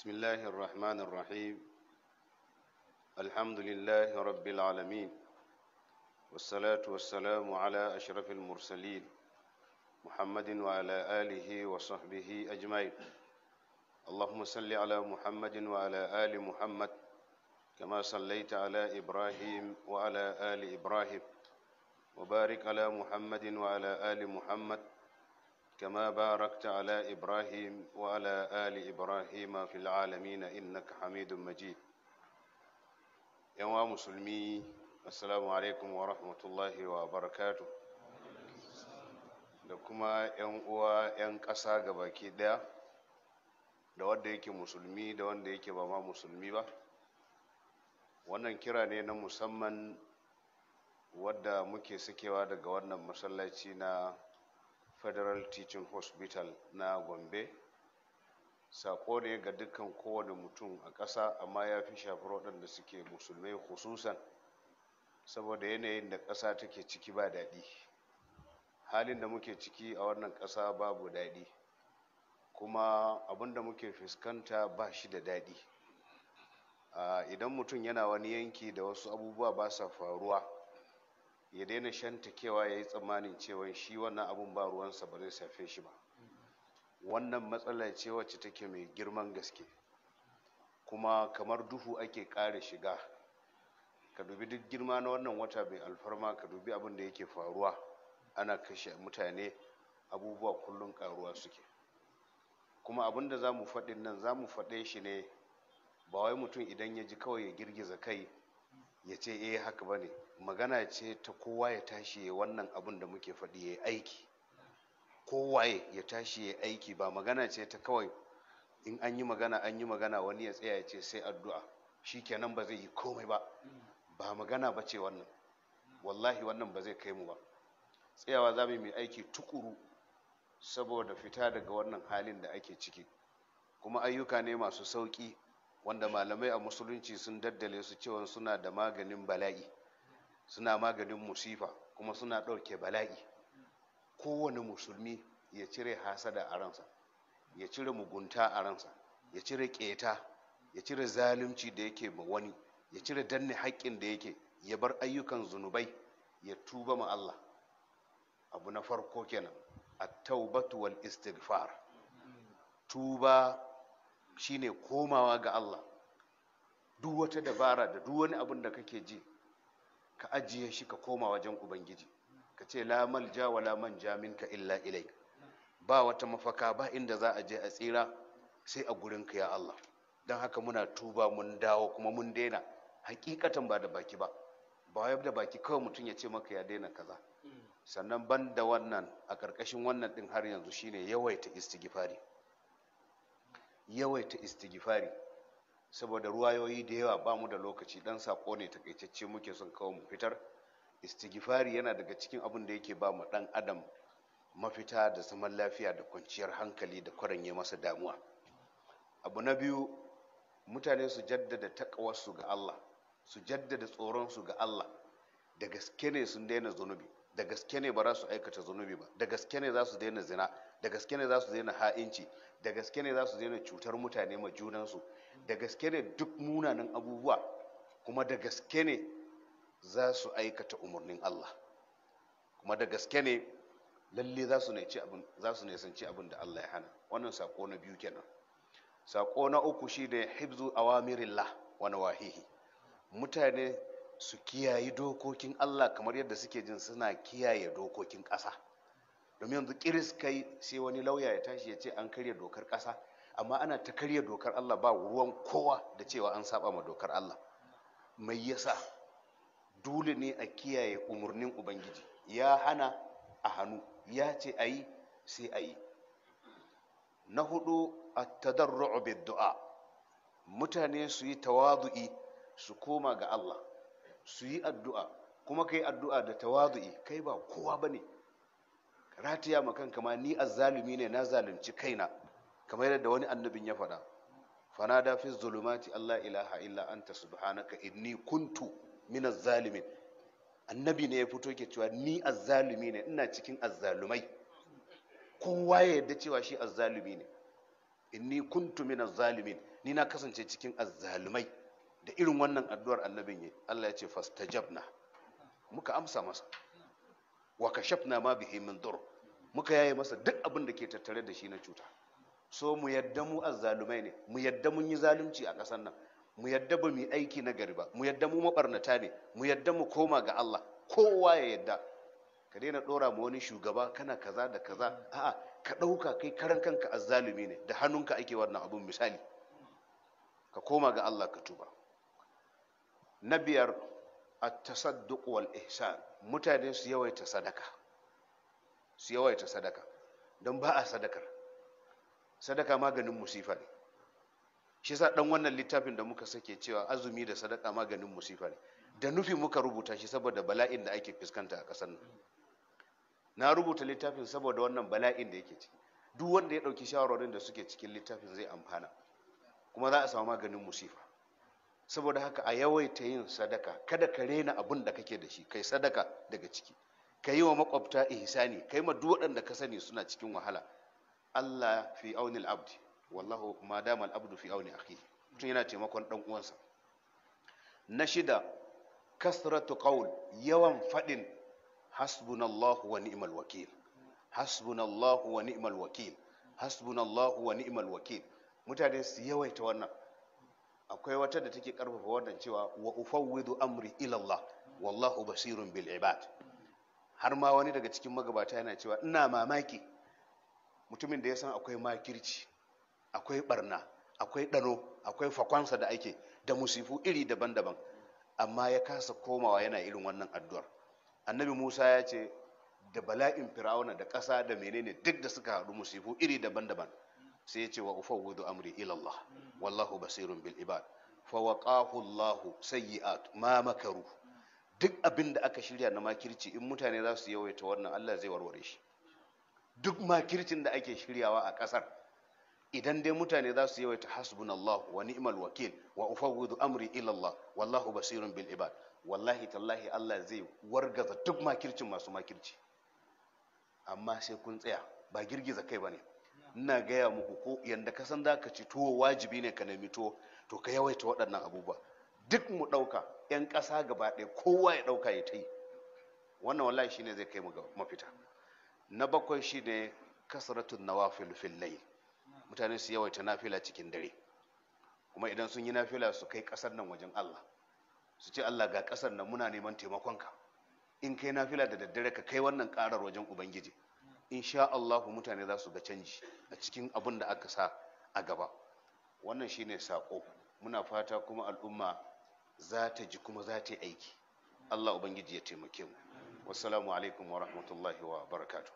بسم الله الرحمن الرحيم الحمد لله رب العالمين والصلاة والسلام على أشرف المرسلين محمد وعلى آله وصحبه أجمعين اللهم صل على محمد وعلى آل محمد كما صليت على إبراهيم وعلى آل إبراهيم وبارك على محمد وعلى آل محمد كما باركت على إبراهيم وعلى آل إبراهيم في العالمين إنك حميد مجيد يا مسلمي السلام عليكم ورحمة الله وبركاته da kuma 'yan uwa 'yan ƙasa baki ɗaya da wanda yake musulmi da wanda yake ba ma musulmi ba wannan kira ne na musamman wadda muke sakewa daga wannan masallaci na federal teaching hospital na gombe sako ne ga dukkan kowane mutum a ƙasa amma ya fi shafar waɗanda suke musulmai hususan saboda yanayin da ƙasa take ciki ba daɗi halin da muke ciki a wannan ƙasa babu daɗi kuma abin da muke fuskanta ba shi da daɗi ah, idan mutum yana wani yanki da wasu abubuwa ba sa faruwa ya daina shanta kewa ya yi tsammanin cewa shi wannan abun ba ruwansa ba zai safe shi ba wannan matsala ce wacce take mai girman gaske kuma kamar duhu ake kare shiga ka dubi duk girma na wannan wata mai alfarma ka dubi abin da yake faruwa ana kashe mutane abubuwa kullum karuwa suke kuma abin da za mu faɗin nan za mu faɗe shi ne ba wai mutum idan ya ji kawai ya girgiza kai ya ce eh haka ba ne magana ce ta kowa ya tashi ya wannan abin da muke faɗi ya aiki kowaye ya tashi ya aiki ba magana ce ta kawai in an yi magana an yi magana wani ya tsaya ya ce sai addu'a shi kenan ba zai yi komai ba ba magana ba ce wannan wallahi wannan ba zai kai mu ba tsayawa za mu yi aiki tukuru saboda fita daga wannan halin da ake ciki kuma ayyuka ne masu sauƙi wanda malamai a musulunci sun daddale su cewa suna da maganin bala'i suna maganin musifa kuma suna ɗauke bala'i kowane musulmi ya cire hasada a ransa ya cire mugunta a ransa ya cire keta ya cire zalunci da yake ba wani ya cire danne haƙƙin da yake ya bar ayyukan zunubai ya tuba ma Allah abu na farko kenan at-taubatu istighfar tuba shine komawa ga Allah duk wata dabara da duk wani abin da kake ji ka ajiye shi ka koma wajen ubangiji ka ce la malja wa la manja minka illa ilai ba wata mafaka ba inda za a je a tsira sai a gurinka ya Allah don haka muna tuba mun dawo kuma mun daina hakikatan ba da baki ba ba wai da baki kawai mutum ya ce maka ya daina kaza mm. sannan ban da wannan a ƙarƙashin wannan ɗin har yanzu shine yawaita istighfari yawaita istighfari saboda ruwayoyi da yawa ba mu da lokaci dan sako ne takaitacce muke son kawo mu fitar istighfari yana daga cikin abin da yake ba mu dan adam mafita da zaman lafiya da kwanciyar hankali da kwaranye masa damuwa abu na biyu mutane su jaddada takawarsu ga Allah su jaddada tsoronsu ga Allah da gaske ne sun daina zunubi da gaske ne ba za su aikata zunubi ba da gaske ne za su daina zina da gaske ne za su daina ha'inci da gaske ne za su daina cutar mutane ma junansu da gaske ne duk munanan abubuwa kuma da gaske ne za su aikata umarnin Allah kuma da gaske ne lalle za su nisanci abin da Allah ya hana wannan sako na biyu kenan sako na uku shi hibzu awamirillah wa nawahihi mutane su kiyaye dokokin Allah kamar yadda suke jin suna kiyaye dokokin ƙasa domin yanzu kiris kai sai wani lauya ya tashi ya ce an karya dokar ƙasa amma ana ta karya dokar Allah ba ruwan kowa da cewa an saba ma dokar Allah mai yasa dole ne a kiyaye umarnin ubangiji ya hana a hannu ya ce a yi sai a yi na hudu a tadarru'u bid du'a mutane su yi tawadu'i su koma ga Allah su yi addu'a kuma kai addu'a da tawazu'i kai ba kowa ba ne. ratiya ma kama ni ni azzalumi ne na zalunci kaina kamar yadda wani annabin ya faɗa fanada fi zulumati Allah ilaha illa anta subhanaka inni kuntu min azzalimin annabi ne ya fito ke cewa ni azzalumi ne ina cikin azzalumai kowa ya yadda cewa shi azzalumi ne inni kuntu min azzalimin ni na kasance cikin azzalumai da irin wannan addu'ar annabin yi Allah ya ce fastajabna muka amsa masa wa kashafna ma bihi min dur muka yaye masa duk abin da ke tattare da shi na cuta so mu yadda mu azzalumai ne mu yadda mun yi zalunci a ƙasar nan mu yadda ba mu aiki na gari ba mu yadda mu mabarnata ne mu yadda mu koma ga Allah kowa ya yadda ka daina dora ma wani shugaba kana kaza da kaza a'a ka ɗauka kai karan kanka azzalumi ne da hannunka ake wannan abun misali ka koma ga Allah ka tuba na biyar a tasadduq ihsan mutane su yawaita sadaka su yawaita sadaka don ba a sadakar sadaka maganin musifa ne shi sa dan wannan littafin da muka sake cewa azumi da sadaka maganin musifa ne da nufi muka rubuta shi saboda bala'in da ake fuskanta a ƙasar nan na rubuta littafin saboda wannan bala'in da yake ciki duk wanda ya ɗauki shawarwarin da suke cikin littafin zai amfana kuma za a samu maganin musifa saboda haka a yawaita yin sadaka kada ka rena abin da kake da shi kai sadaka daga ciki ka yi wa makwabta ihsani kai ma duk waɗanda ka sani suna cikin wahala Allah fi aunil abdi wallahu ma dama abdu fi auni akhi mutum yana taimakon dan uwansa na shida kasratu qaul yawan faɗin, hasbunallahu wa ni'mal wakil hasbunallahu wa ni'mal wakil hasbunallahu wa ni'mal wakil mutane su yawaita wannan akwai wata da take karfafa wannan cewa wa ufawwidu amri ila Allah wallahu basirun bil ibad har ma wani daga cikin magabata yana cewa ina mamaki mutumin da ya san akwai makirci akwai barna akwai ɗano akwai fakwansa da ake da musifu iri daban-daban amma ya kasa komawa yana irin wannan addu'ar annabi musa ya ce da bala'in Firawuna da ƙasa da menene duk da suka haɗu musifu iri daban-daban sai ya ce wa ufawwidu amri ilallah wallahu basirun bil ibad fa waqahu allah sayiat ma makaru duk abin da aka shirya na makirci in mutane za su yawaita wannan Allah zai warware shi duk makircin da ake shiryawa a kasar, idan dai mutane za su yawaita hasbunallahu wa ni'mal wakil wa ufawwidu amri ila Allah wallahu basirun bil ibad wallahi tallahi Allah zai wargaza duk makircin masu makirci amma sai kun tsaya ba girgiza kai bane ina gaya muku ko yanda ka san zaka ci tuwo wajibi ne ka nemi tuwo to ka yawaita waɗannan abubuwa duk mu ɗauka 'yan ƙasa gaba ɗaya kowa ya ɗauka ya ta yi wannan wallahi shine zai kai mu ga mafita na bakwai shine kasratun nawafil fil layl mutane su yawaita nafila cikin dare kuma idan sun yi nafila su kai ƙasar nan wajen Allah su ce Allah ga ƙasar nan muna neman taimakonka in kai nafila da daddare ka kai wannan karar wajen ubangiji insha Allah mutane za su ga canji a cikin abin da aka sa a gaba wannan shine saƙo. muna fata kuma al'umma za ta ji kuma za ta yi aiki Allah ubangiji ya taimake mu salamu alaikum wa rahmatullahi wa barakatuh